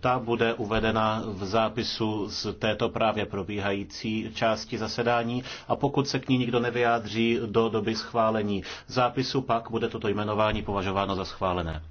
Ta bude uvedena v zápisu z této právě probíhající části zasedání a pokud se k ní nikdo nevyjádří do doby schválení zápisu, pak bude toto jmenování považováno za schválené.